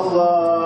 Allah.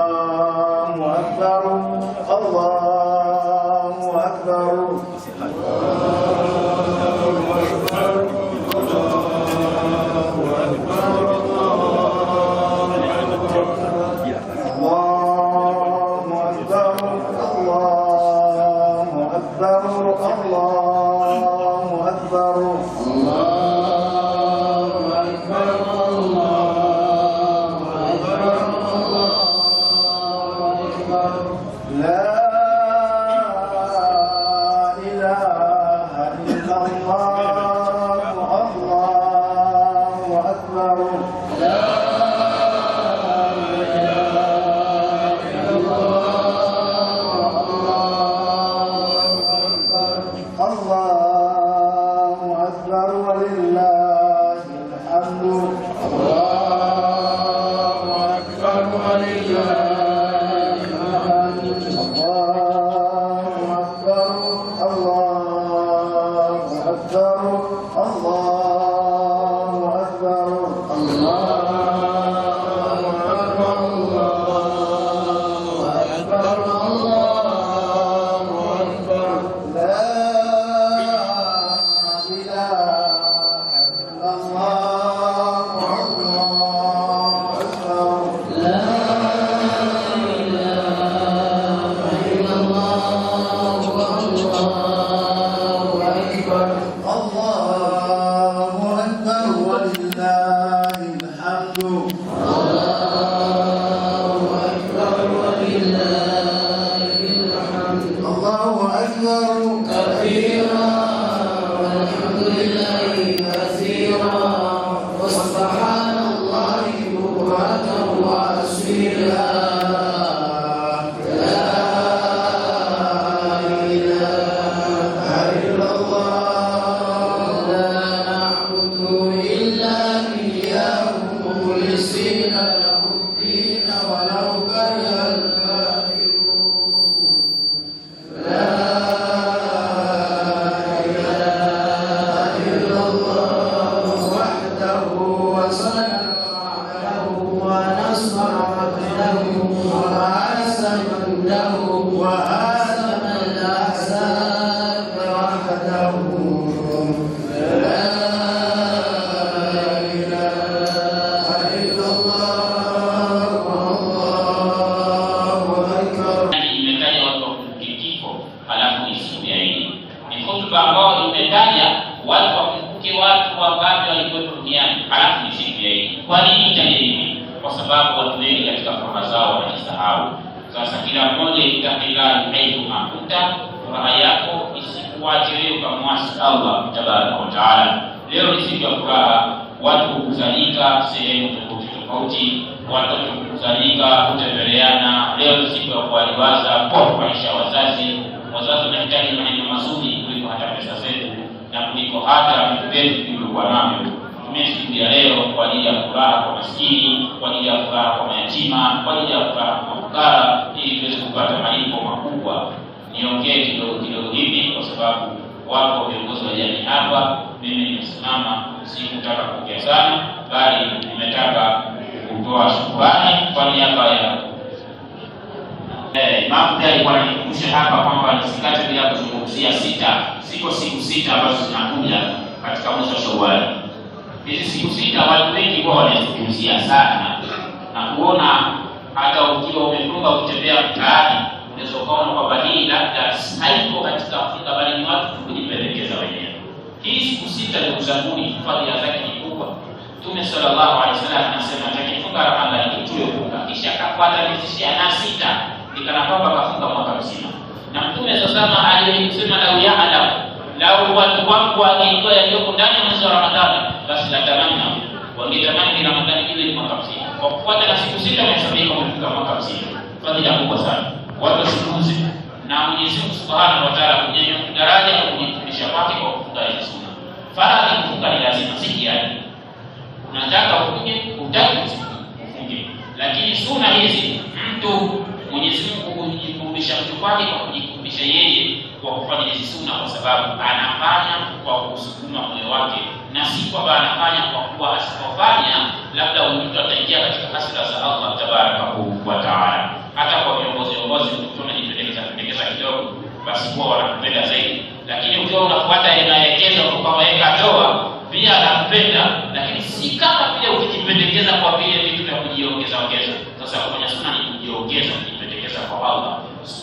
المؤمنين ولو كره الكافرون katika furaha zao wanaisahau Sasa kila mmoja itakilahi haithu makuta, furaha yako isikuache wewe ukamwasi Allah tabaraka wa taala. Leo ni siku ya furaha, watu hukusanyika sehemu tofauti tofauti, watoto hukusanyika kutembeleana. Leo ni siku ya kuwaliwaza kuwafurahisha wazazi. Wazazi wanahitaji maneno mazuri kuliko hata pesa zetu na kuliko hata vitu vyetu tulivyokuwa navyo tutumie siku ya leo kwa ajili ya furaha kwa maskini, kwa ajili ya furaha kwa mayatima, kwa ajili ya furaha kwa ukara, ili tuweze kupata malipo makubwa. Niongee kidogo kidogo hivi kwa sababu wako viongozi wa jamii hapa. Mimi nimesimama, si kutaka kuongea sana, bali nimetaka kutoa shukurani kwa niaba ya Eh, Imamu pia alikuwa ananikumbusha hapa kwamba nisikate bila kuzungumzia sita, siko siku sita ambazo zinakuja katika mwezi wa Shawwal. Hizi siku sita watu wengi huwa wanazungumzia sana na kuona hata ukiwa umefunga kutembea mtaani unaweza ukaona kwamba hii labda haiko katika Afrika bali ni watu kujipendekeza wenyewe. Hii siku sita, ndugu zangu, fadhila zake ni kubwa. Mtume sallallahu alaihi wasallam anasema atakifunga Ramadhani iliyofunga kisha akafuata miezi ishirini sita ni kwamba kafunga mwaka mzima, na Mtume sasama alaihi wasallam lau yaalamu lau watu wangu wangeitoa yaliyoko ndani ya mwezi wa Ramadhani, basi natamani wangetamani Ramadhani ile ni mwaka mzima, kwa kufuata na siku sita mia sabini kwa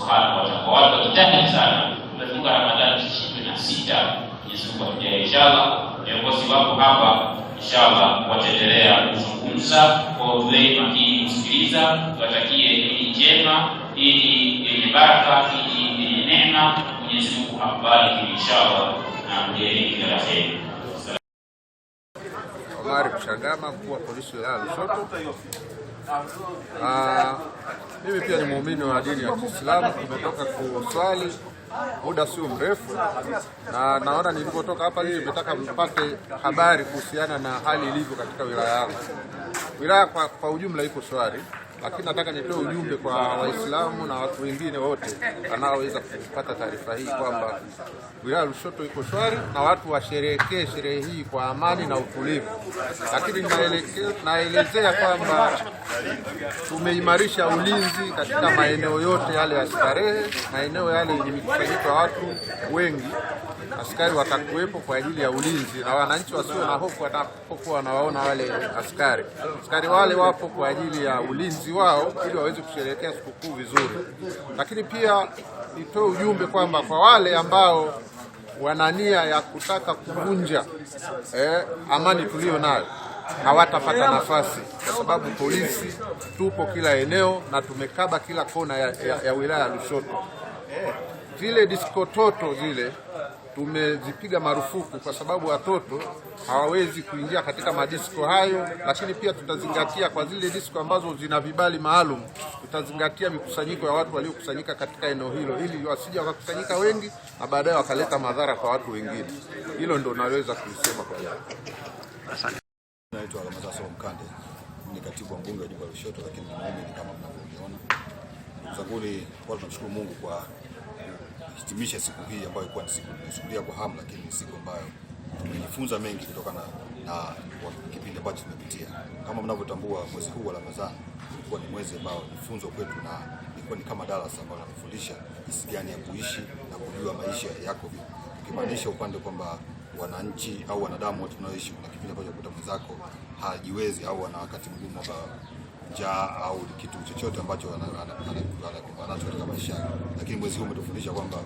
subhanahu wataala. Kwa watu wajitahidi sana, tumefunga Ramadhani ishirini na sita. Mwenyezi Mungu atujalie inshallah. Viongozi wako hapa inshallah wataendelea kuzungumza kwa udhei makini kusikiliza, watakie ili njema, ili yenye baraka, ili yenye neema. Mwenyezi Mungu akubariki inshallah na kujalie kila la heri. Omari Kuchagama, mkuu wa polisi wilaya Lushoto. Ah, mimi pia ni muumini wa dini ya Kiislamu, nimetoka kuswali muda sio mrefu, na naona nilipotoka hapa hivi, nimetaka mpate habari kuhusiana na hali ilivyo katika wilaya yangu. Wilaya kwa, kwa ujumla iko swali lakini nataka nitoe ujumbe kwa Waislamu na watu wengine wote wanaoweza kupata taarifa hii kwamba wilaya Lushoto iko shwari na watu washerehekee sherehe hii kwa amani na utulivu. Lakini naelezea kwamba tumeimarisha ulinzi katika maeneo yote yale ya starehe, maeneo yale yenye mikusanyiko ya watu wengi askari watakuwepo kwa ajili ya ulinzi, na wananchi wasio na hofu watakapokuwa wanawaona wale askari. Askari wale wapo kwa ajili ya ulinzi wao, ili waweze kusherehekea sikukuu vizuri. Lakini pia nitoe ujumbe kwamba kwa wale ambao wana nia ya kutaka kuvunja eh, amani tuliyo nayo hawatapata nafasi, kwa sababu polisi tupo kila eneo na tumekaba kila kona ya, ya, ya wilaya ya Lushoto. Zile diskototo zile tumezipiga marufuku kwa sababu watoto hawawezi kuingia katika madisko hayo, lakini pia tutazingatia kwa zile disko ambazo zina vibali maalum, tutazingatia mikusanyiko ya watu waliokusanyika katika eneo hilo, ili wasija wakakusanyika wengi na baadaye wakaleta madhara kwa watu wengine. Hilo ndo naweza kulisema kwa leo. Asante. Naitwa Ramadhani Sawa Mkande, ni katibu wa mbunge wa jimbo la Lushoto, lakini mimi ni kama mnavyoona, Mungu kwa hitimishe siku hii ambayo ilikuwa ni siku nilikusudia kwa hamu, lakini ni siku ambayo tumejifunza mengi kutokana na, na kipindi ambacho tumepitia. Kama mnavyotambua, mwezi huu wa Ramadhani ulikuwa ni mwezi ambao nifunzo kwetu na ilikuwa ni kama darasa ambayo inatufundisha jinsi gani ya kuishi na kujua maisha yako, ukimaanisha upande kwamba wananchi au wanadamu wote tunaoishi, kuna kipindi ambacho kuta mwenzako hajiwezi au ana wakati mgumu ambao njaa au kitu chochote ambacho anacho katika maisha yake. Lakini mwezi huu umetufundisha kwamba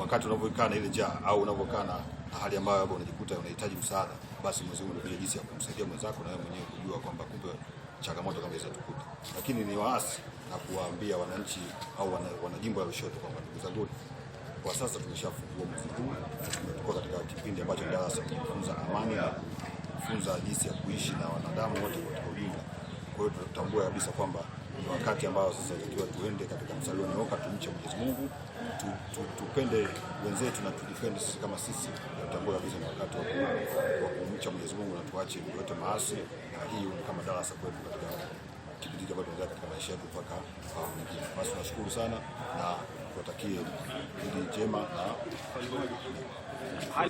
wakati unavyokaa na ile njaa au unavyokaa na hali ambayo labda unajikuta unahitaji msaada, basi mwezi huu ndio jinsi ya kumsaidia mwenzako na wewe mwenyewe kujua kwamba kumbe changamoto kama hizo tukuta. Lakini ni waasi na kuwaambia wananchi au wanajimbo la Lushoto kwamba ndugu zangu, kwa sasa tumeshafungua mwezi huu tumekuwa katika kipindi ambacho darasa kujifunza amani na kufunza jinsi ya kuishi na wanadamu wote. Kwa hiyo tunatambua kabisa kwamba ni wakati ambao sasa inatakiwa tuende katika mstari ulionyooka, tumche Mwenyezi Mungu, tupende tu, tu wenzetu na tudifende sisi kama sisi. Tunatambua kabisa ni wakati wa kumcha Mwenyezi Mungu na tuache yote maasi, na hii ni kama darasa kwetu katika kipindi hiki ambacho katika maisha yetu mpaka awamu ah, nyingine. Basi tunashukuru sana na tuwatakie hili jema na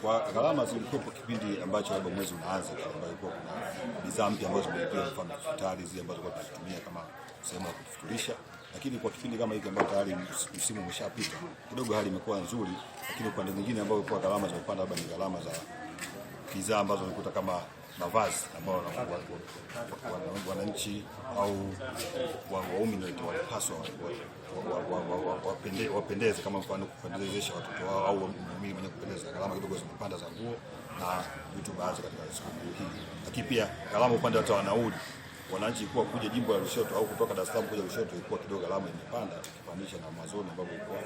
kwa gharama zilikuwepo kipindi ambacho labda mwezi unaanza, ambayo ilikuwa kuna bidhaa mpya ambazo tulipia, mfano futari zile ambazo kwa tunazitumia kama sehemu ya kufuturisha, lakini kwa kipindi kama hiki ambacho tayari msimu umeshapita kidogo, hali imekuwa nzuri, lakini upande mwingine ambao kwa gharama za kupanda labda ni gharama za bidhaa ambazo unakuta kama mavazi ambao wananchi au waumini walipaswa wapendeze, kama mfano kupendezesha watoto wao au mimi mwenye kupendeza. Gharama kidogo zimepanda za nguo na vitu baadhi katika sikukuu hii, lakini pia gharama upande wa toa nauli wananchi kuwa kuja jimbo la Lushoto au kutoka Dar es Salaam kuja Lushoto ilikuwa kidogo gharama imepanda, kufanisha na mazoni ambapo ilikuwa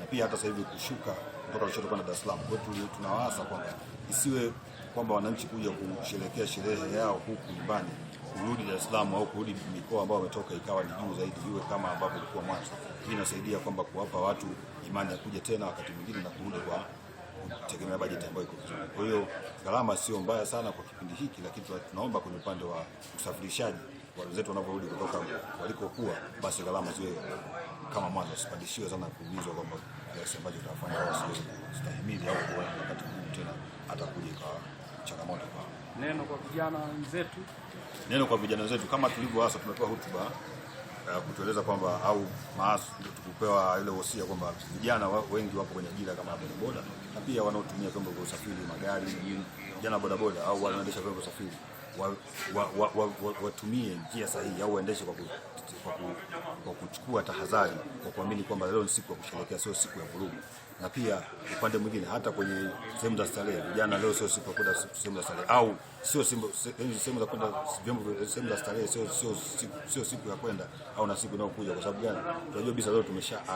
na pia hata sasa hivi kushuka kutoka Lushoto kwenda Dar es Salaam. kwetu, hiyo tunawaasa kwamba isiwe kwamba wananchi kuja kusherehekea sherehe yao huku nyumbani, kurudi Dar es Salaam au kurudi mikoa ambayo wametoka ikawa ni juu zaidi, iwe kama ambavyo ilikuwa mwanzo. Hii inasaidia kwamba kuwapa watu imani ya kuja tena wakati mwingine na kurudi kwa kutegemea bajeti ambayo iko vizuri. Kwa hiyo gharama sio mbaya sana kwa kipindi hiki, lakini tunaomba kwenye upande wa usafirishaji wenzetu wanaporudi kutoka walikokuwa, basi gharama ziwe kama mwanzo, sipandishiwe sana kuumizwa kwamba kiasi ambacho tutafanya wao siwezi kustahimili au wakati mwingine tena atakuja ikawa changamoto kwa Neno kwa vijana wenzetu, neno kwa vijana wenzetu, kama tulivyoasa, tumepewa hotuba uh, eh, kutueleza kwamba au maasi tukupewa ile wosia kwamba vijana wengi wapo kwenye ajira kama bodaboda na pia wanaotumia vyombo vya usafiri magari, vijana bodaboda au wanaoendesha vyombo vya usafiri watumie wa, wa, wa, wa, wa njia sahihi au waendeshe kwa, ku, kwa, ku, kwa kuchukua tahadhari kwa kuamini kwamba leo ni siku ya kusherehekea, sio siku ya vurugu na pia upande mwingine hata kwenye sehemu za starehe, vijana leo sio siku kwenda sehemu za starehe, au sio sehemu za kwenda vyombo, sehemu za starehe sio sio sio siku ya kwenda au na siku inayokuja. Kwa sababu gani? Tunajua bisa leo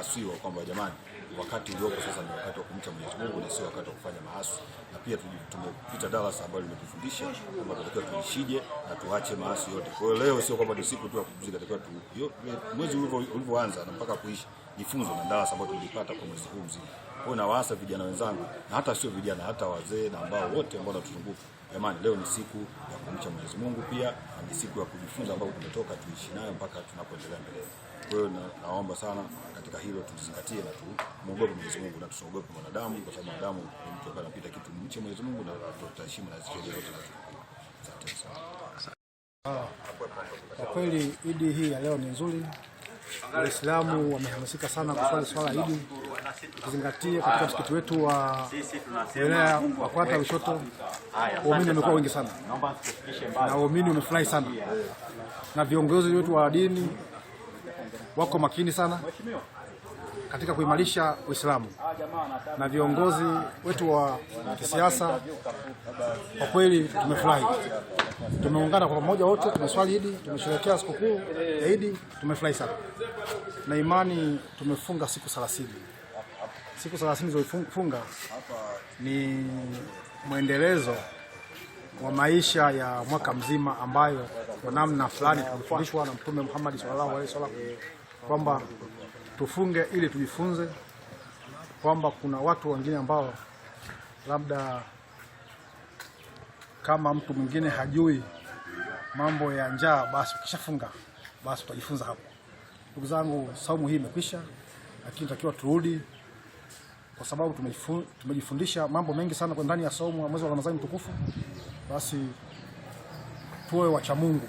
asiwa kwamba jamani, wakati uliopo sasa ni wakati wa kumcha Mwenyezi Mungu na sio wakati wa kufanya maasi, na pia tumepita darasa ambayo limetufundisha kwamba tunatakiwa tuishije na tuache maasi yote. Kwa hiyo leo sio kwamba ni siku tu ya kupumzika, tunatakiwa tu mwezi ulivyoanza na mpaka kuisha, jifunze na darasa ambalo tulipata kwa mwezi huu mzima. Nawaasa vijana wenzangu na hata sio vijana, hata wazee na ambao wote ambao natuzunguka, jamani, leo ni siku ya kumcha Mwenyezi Mungu, pia ni siku ya kujifunza ambayo tumetoka, tuishi nayo mpaka tunapoendelea mbele. Kwa hiyo na, naomba sana katika hilo tuzingatie na tumuogope Mwenyezi Mungu na tusiogope mwanadamu, kwa sababu mwanadamu ni mtu ambaye anapita kitu. Mche Mwenyezi Mungu na tutaheshimu na zile zote. Asante sana. Kwa kweli Idi hii ya leo ni nzuri. Waislamu wamehamasika sana kuswali swala hili, kuzingatia katika msikiti wetu wa wilaya wa Kwata Lushoto, waumini wamekuwa wengi sana na waumini wamefurahi sana, na viongozi wetu wa dini wako makini sana katika kuimarisha Uislamu na viongozi wetu wa kisiasa. Kwa kweli tumefurahi, tumeungana kwa pamoja wote, tumeswali Idi, tumesherehekea sikukuu ya Idi, tumefurahi sana na imani. Tumefunga siku 30 siku 30 zilizofunga ni mwendelezo wa maisha ya mwaka mzima ambayo kwa namna fulani tumefundishwa na Mtume Muhammad sallallahu alaihi wasallam kwamba tufunge ili tujifunze kwamba kuna watu wengine ambao labda kama mtu mwingine hajui mambo ya njaa, basi ukishafunga basi utajifunza hapo. Ndugu zangu, saumu hii imekwisha, lakini takiwa turudi, kwa sababu tumejifundisha mambo mengi sana kwa ndani ya saumu ya mwezi wa Ramadhani mtukufu. Basi tuwe wacha Mungu,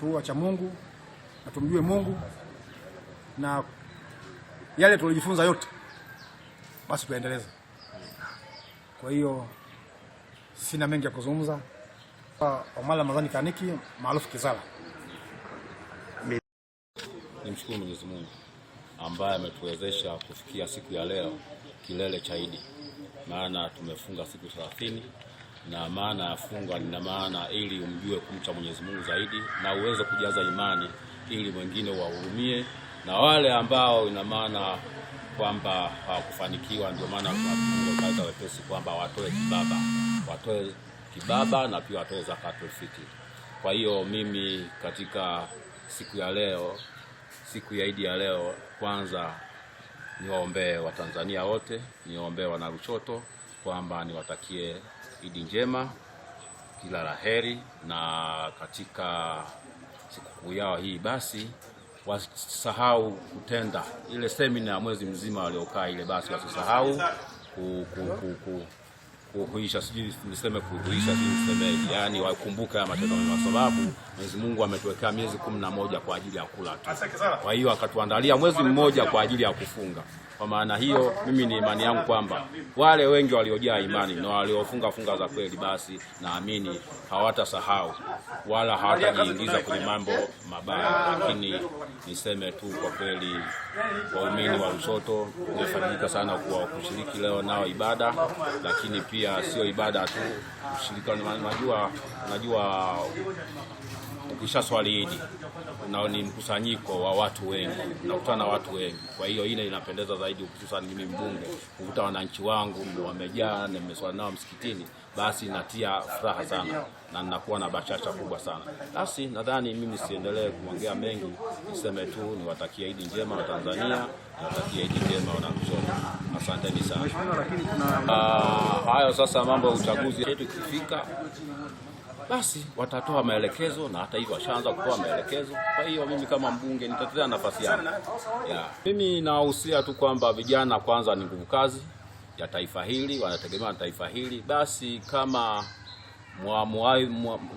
tuwe wacha Mungu na tumjue Mungu na yale tuliojifunza yote basi tuendeleze. Kwa hiyo sina mengi ya kuzungumza. Omar Ramadhani Kaniki maarufu Kizala. Nimshukuru Mwenyezi Mungu ambaye ametuwezesha kufikia siku ya leo kilele cha Idi, maana tumefunga siku thelathini na maana ya funga na maana ili umjue kumcha Mwenyezi Mungu zaidi na uweze kujaza imani ili mwengine wahurumie na wale ambao ina maana kwamba hawakufanikiwa, ndio maana kaza wepesi kwamba watoe kibaba, watoe kibaba na pia watoe zakatul fitri. Kwa hiyo mimi katika siku ya leo, siku ya Idi ya leo, kwanza niwaombee Watanzania wote, niwaombee wanaruchoto kwamba niwatakie Idi njema, kila la heri, na katika sikukuu yao hii basi wasisahau kutenda ile semina ya mwezi mzima waliokaa ile, basi wasisahau ku, ku, ku, ku kuhuisha sijui niseme kuhuisha niseme, yani wakumbuke ya matendo mema, kwa sababu Mwenyezi Mungu ametuwekea miezi kumi na moja kwa ajili ya kula tu. Kwa hiyo akatuandalia mwezi mmoja kwa ajili ya kufunga. Kwa maana hiyo, mimi ni imani yangu kwamba wale wengi waliojaa imani na waliofunga funga za kweli, basi naamini hawatasahau wala hawatajiingiza kwenye mambo mabaya. Lakini niseme tu kwa kweli, waumini wa Lushoto umefanyika sana kwa kushiriki leo nao ibada, lakini pia sio ibada tu ushirika. najua najua ukisha swali na ni mkusanyiko wa watu wengi, nakutana na watu wengi. Kwa hiyo ile inapendeza zaidi, hususan mimi mbunge kukuta wananchi wangu wamejaa, nimeswali nao msikitini, basi natia furaha sana na ninakuwa na bashasha kubwa sana. Basi nadhani mimi siendelee kuongea mengi, niseme tu niwatakie Idi njema wa Tanzania, niwatakie Idi njema wanazuoni, asanteni sana. Uh, hayo sasa mambo ya uchaguzi yetu ikifika basi watatoa maelekezo, na hata hivyo washaanza kutoa maelekezo. Kwa hiyo mimi kama mbunge nitatetea nafasi yangu yeah. Mimi nawahusia tu kwamba vijana kwanza ni nguvu kazi ya taifa hili, wanategemea taifa hili, basi kama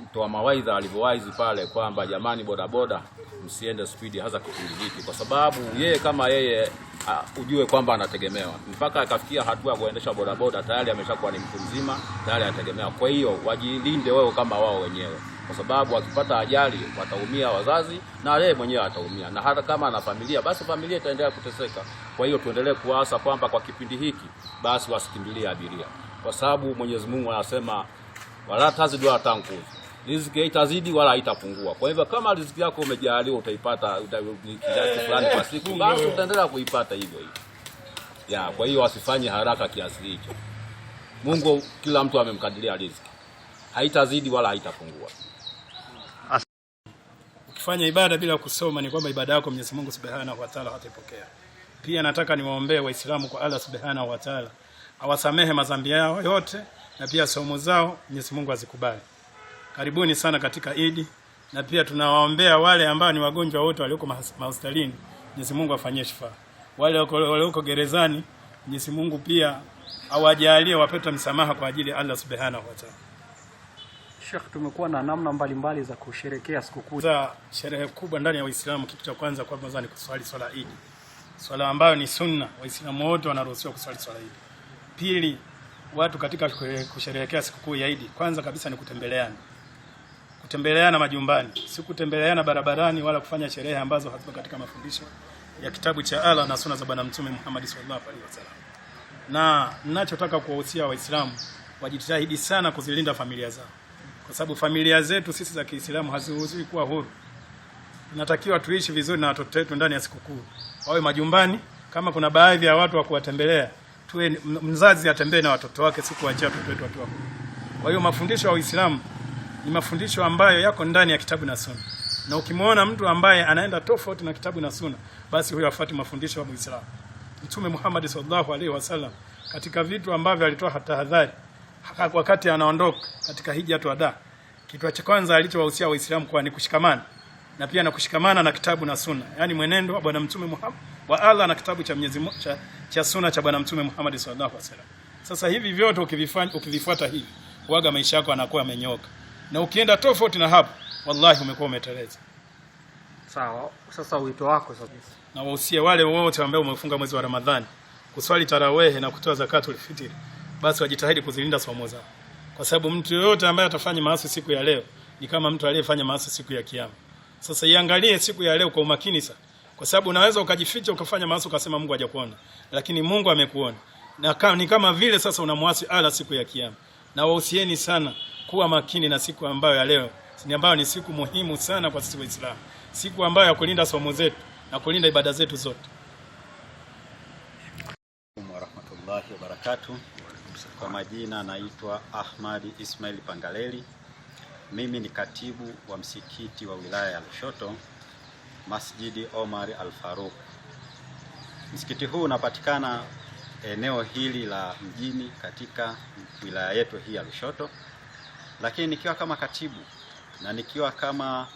mtoa mawaidha alivyowaizi pale kwamba jamani, bodaboda msiende spidi, hasa kipindi hiki, kwa sababu yeye kama yeye uh, ujue kwamba anategemewa mpaka akafikia hatua ya kuendesha bodaboda, tayari ameshakuwa ni mtu mzima, tayari anategemewa. Kwa hiyo wajilinde wao kama wao wenyewe, kwa sababu wakipata ajali wataumia wazazi na yeye mwenyewe ataumia, na hata kama ana familia, basi familia itaendelea kuteseka. Kwa hiyo tuendelee kuwaasa kwamba kwa kipindi hiki basi wasikimbilie abiria, kwa sababu Mwenyezi Mungu anasema wala tazidi wala tangu. Riziki haitazidi wala haitapungua. Kwa hivyo kama riziki yako umejaliwa utaipata kiasi fulani kwa siku, basi utaendelea kuipata hivyo hivyo. Ya, kwa hiyo wasifanye haraka kiasi hicho. Mungu kila mtu amemkadiria riziki. Haitazidi wala haitapungua. Ukifanya ibada bila kusoma ni kwamba ibada yako Mwenyezi Mungu Subhanahu wa Ta'ala hataipokea. Pia nataka niwaombee Waislamu kwa Allah Subhanahu wa Ta'ala awasamehe madhambi yao yote na pia somo zao Mwenyezi Mungu azikubali. Karibuni sana katika Idi na pia tunawaombea wale ambao ni wagonjwa wote walioko mahospitalini, Mwenyezi Mungu afanyie shifa. Wale walioko gerezani, Mwenyezi Mungu pia awajalie wapate msamaha kwa ajili ya Allah Subhanahu wa Ta'ala. Sheikh, tumekuwa na namna mbalimbali mbali za kusherekea sikukuu za sherehe kubwa ndani ya Uislamu. Kitu cha kwanza mwanzo ni kuswali swala Idi, swala ambayo ni sunna. Waislamu wote wanaruhusiwa kuswali swala Idi. Pili, watu katika kusherehekea sikukuu ya Idi, kwanza kabisa ni kutembeleana, kutembeleana majumbani, si kutembeleana barabarani wala kufanya sherehe ambazo hazipo katika mafundisho ya kitabu cha Allah na suna za Bwana Mtume Muhammad sallallahu alaihi wasallam. Na ninachotaka kuwahusia Waislamu wajitahidi sana kuzilinda familia zao, kwa sababu familia zetu sisi za Kiislamu haziruhusiwi kuwa huru. Tunatakiwa tuishi vizuri na watoto wetu ndani ya sikukuu, wawe majumbani. Kama kuna baadhi ya watu wa kuwatembelea tuwe mzazi atembee na watoto wake, si kuachia watoto wetu wakiwa. Kwa hiyo mafundisho ya Uislamu ni mafundisho ambayo yako ndani ya kitabu na Sunna, na ukimwona mtu ambaye anaenda tofauti na kitabu na Sunna, basi huyo afuati mafundisho ya Muislamu. Mtume Muhammad sallallahu alaihi wasallam katika vitu ambavyo alitoa tahadhari wakati anaondoka katika tu ada, kitu cha kwanza alichowahusia Waislamu kwa ni kushikamana na pia na kushikamana na kitabu na sunna, yani mwenendo wa bwana mtume Muhammad wa Allah na kitabu cha Mwenyezi cha, cha sunna cha bwana mtume Muhammad sallallahu alaihi wasallam. Sasa hivi vyote ukivifanya ukivifuata hivi, waga maisha yako yanakuwa yamenyoka, na ukienda tofauti na hapo, wallahi umekuwa umeteleza. Sawa, sasa wito wako sasa, na wahusie wale wote ambao umefunga mwezi wa Ramadhani kuswali tarawehe na kutoa zakatul fitri, basi wajitahidi kuzilinda somo zao, kwa sababu mtu yoyote ambaye atafanya maasi siku ya leo ni kama mtu aliyefanya maasi siku ya Kiyama. Sasa iangalie siku ya leo kwa umakini sana, kwa sababu unaweza ukajificha ukafanya maasi ukasema Mungu hajakuona, lakini Mungu amekuona na kama, ni kama vile sasa unamwasi ala siku ya Kiyama. Na wahusieni sana kuwa makini na siku ambayo ya leo ni ambayo ni siku muhimu sana kwa sisi Waislamu, siku ambayo ya kulinda somo zetu na kulinda ibada zetu zote. wa rahmatullahi wa barakatuh. Kwa majina naitwa Ahmadi Ismail Pangaleli. Mimi ni katibu wa msikiti wa wilaya ya Lushoto, Masjidi Omar Al Faruq. Msikiti huu unapatikana eneo hili la mjini katika wilaya yetu hii ya Lushoto, lakini nikiwa kama katibu na nikiwa kama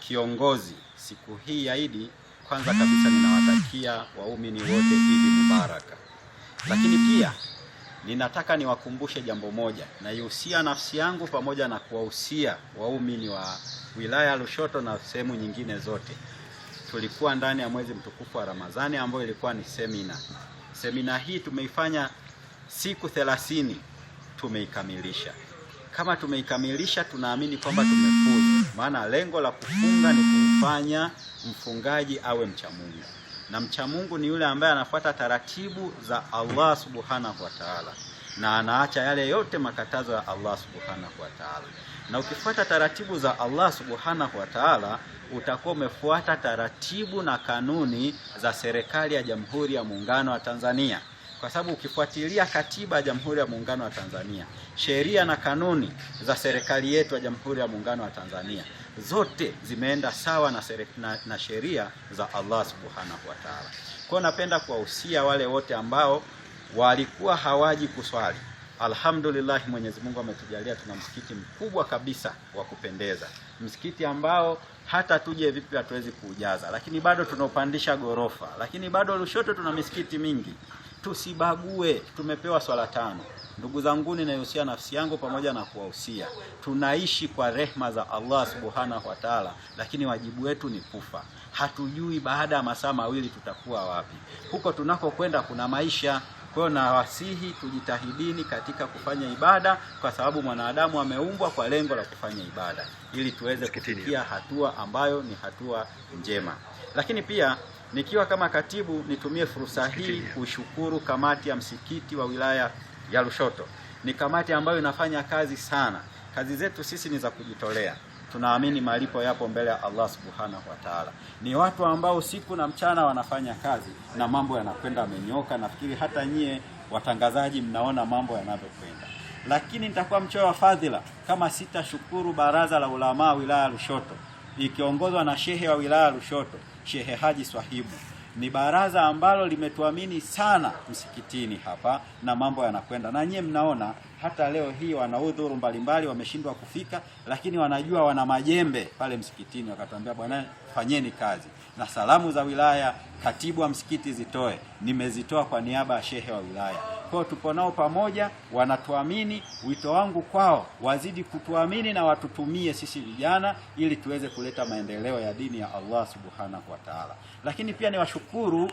kiongozi siku hii ya Idi, kwanza kabisa ninawatakia waumini wote Idi Mubaraka, lakini pia ninataka niwakumbushe jambo moja, naihusia nafsi yangu pamoja na kuwahusia waumini wa wilaya ya Lushoto na sehemu nyingine zote. Tulikuwa ndani ya mwezi mtukufu wa Ramadhani ambayo ilikuwa ni semina. Semina hii tumeifanya siku thelathini, tumeikamilisha. Kama tumeikamilisha, tunaamini kwamba tumefuzu, maana lengo la kufunga ni kumfanya mfungaji awe mcha Mungu na mcha Mungu ni yule ambaye anafuata taratibu za Allah subhanahu wa taala na anaacha yale yote makatazo ya Allah subhanahu wa taala. Na ukifuata taratibu za Allah subhanahu wa taala utakuwa umefuata taratibu na kanuni za serikali ya Jamhuri ya Muungano wa Tanzania, kwa sababu ukifuatilia katiba ya Jamhuri ya Muungano wa Tanzania, sheria na kanuni za serikali yetu ya Jamhuri ya Muungano wa Tanzania zote zimeenda sawa na, na, na sheria za Allah subhanahu wa ta'ala. Kwa napenda kuwahusia wale wote ambao walikuwa hawaji kuswali. Alhamdulillah, Mwenyezi Mungu ametujalia tuna msikiti mkubwa kabisa wa kupendeza, msikiti ambao hata tuje vipi hatuwezi kuujaza, lakini bado tunaupandisha gorofa, lakini bado Lushoto tuna misikiti mingi tusibague. Tumepewa swala tano. Ndugu zangu, ninayohusia nafsi yangu pamoja na kuwahusia, tunaishi kwa rehma za Allah subhanahu wa taala, lakini wajibu wetu ni kufa. Hatujui baada ya masaa mawili tutakuwa wapi. Huko tunakokwenda kuna maisha. Kwa hiyo nawasihi tujitahidini katika kufanya ibada, kwa sababu mwanadamu ameumbwa kwa lengo la kufanya ibada, ili tuweze kufikia hatua ambayo ni hatua njema, lakini pia Nikiwa kama katibu, nitumie fursa hii kushukuru kamati ya msikiti wa wilaya ya Lushoto. Ni kamati ambayo inafanya kazi sana. Kazi zetu sisi ni za kujitolea, tunaamini malipo yapo mbele ya Allah subhanahu wa taala. Ni watu ambao usiku na mchana wanafanya kazi na mambo yanakwenda amenyoka. Nafikiri hata nyie watangazaji mnaona mambo yanavyokwenda, lakini nitakuwa mchoyo wa fadhila kama sitashukuru baraza la ulamaa wilaya ya Lushoto ikiongozwa na shehe wa wilaya ya Lushoto Shehe Haji Swahibu ni baraza ambalo limetuamini sana msikitini hapa, na mambo yanakwenda na nyie mnaona, hata leo hii wanaudhuru mbalimbali wameshindwa kufika, lakini wanajua wana majembe pale msikitini, wakatuambia bwana, fanyeni kazi na salamu za wilaya katibu wa msikiti zitoe, nimezitoa kwa niaba ya shehe wa wilaya. Kwa tupo nao pamoja, wanatuamini. Wito wangu kwao, wazidi kutuamini na watutumie sisi vijana, ili tuweze kuleta maendeleo ya dini ya Allah subhanahu wa taala. Lakini pia niwashukuru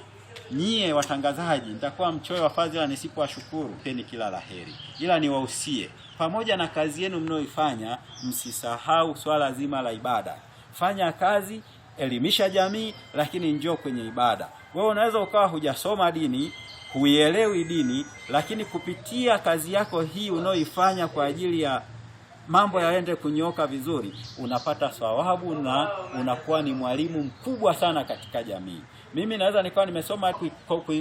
nyie watangazaji, nitakuwa mchoyo wa fadhila nisipowashukuru. Peni kila laheri, ila niwausie pamoja na kazi yenu mnayoifanya, msisahau swala zima la ibada. Fanya kazi elimisha jamii, lakini njoo kwenye ibada. Wewe unaweza ukawa hujasoma dini, huielewi dini, lakini kupitia kazi yako hii unaoifanya kwa ajili ya mambo yaende kunyoka vizuri, unapata thawabu na unakuwa ni mwalimu mkubwa sana katika jamii mimi naweza nikawa nimesoma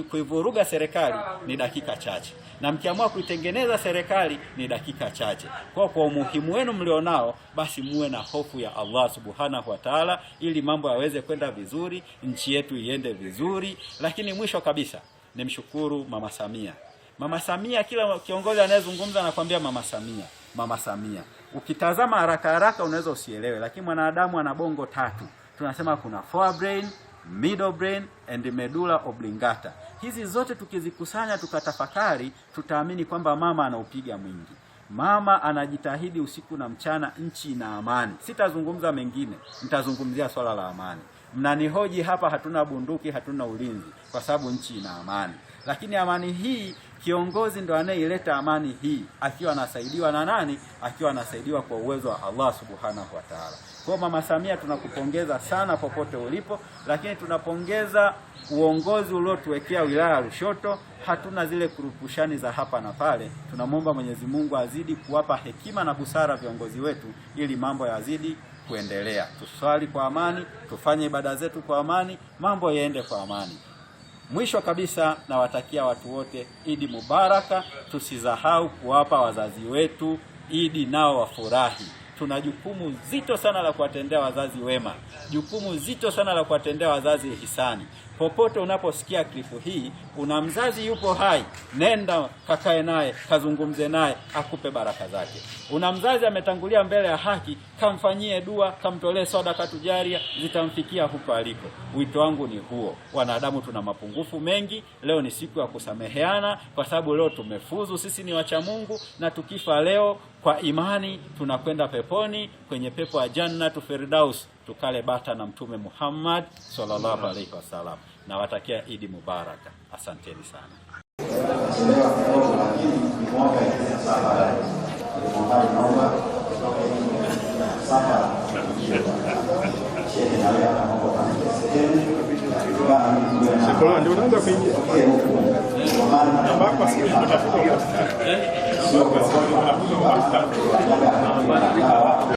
kuivuruga serikali ni dakika chache, na mkiamua kuitengeneza serikali ni dakika chache. Kwa kwa umuhimu wenu mlionao, basi muwe na hofu ya Allah subhanahu wa taala, ili mambo yaweze kwenda vizuri, nchi yetu iende vizuri. Lakini mwisho kabisa nimshukuru Mama Samia. Mama Samia, kila kiongozi anayezungumza anakuambia Mama Samia, Mama Samia. Ukitazama haraka haraka unaweza usielewe, lakini mwanadamu ana bongo tatu. Tunasema kuna forebrain middle brain and medulla oblongata. Hizi zote tukizikusanya tukatafakari, tutaamini kwamba mama anaupiga mwingi. Mama anajitahidi usiku na mchana, nchi na amani. Sitazungumza mengine, nitazungumzia swala la amani. Mnanihoji hapa, hatuna bunduki, hatuna ulinzi, kwa sababu nchi ina amani. Lakini amani hii Kiongozi ndo anayeileta amani hii, akiwa anasaidiwa na nani? Akiwa anasaidiwa kwa uwezo wa Allah subhanahu wa taala. Kwa Mama Samia tunakupongeza sana popote ulipo, lakini tunapongeza uongozi uliotuwekea wilaya ya Lushoto. Hatuna zile kurupushani za hapa na pale. Tunamwomba Mwenyezi Mungu azidi kuwapa hekima na busara viongozi wetu, ili mambo yazidi kuendelea. Tuswali kwa amani, tufanye ibada zetu kwa amani, mambo yaende kwa amani. Mwisho kabisa, nawatakia watu wote Idi Mubaraka. Tusisahau kuwapa wazazi wetu Idi nao wafurahi. Tuna jukumu zito sana la kuwatendea wazazi wema, jukumu zito sana la kuwatendea wazazi hisani. Popote unaposikia klifu hii, kuna mzazi yupo hai, nenda kakae naye, kazungumze naye, akupe baraka zake. Una mzazi ametangulia mbele ya haki, kamfanyie dua, kamtolee sadaka tujaria, zitamfikia huko aliko. Wito wangu ni huo. Wanadamu tuna mapungufu mengi. Leo ni siku ya kusameheana, kwa sababu leo tumefuzu, sisi ni wacha Mungu, na tukifa leo kwa imani tunakwenda peponi, kwenye pepo ya Jannatu Firdaus, tukale bata na Mtume Muhammad sallallahu alaihi wasallam. Nawatakia Idi Mubaraka, asanteni sana.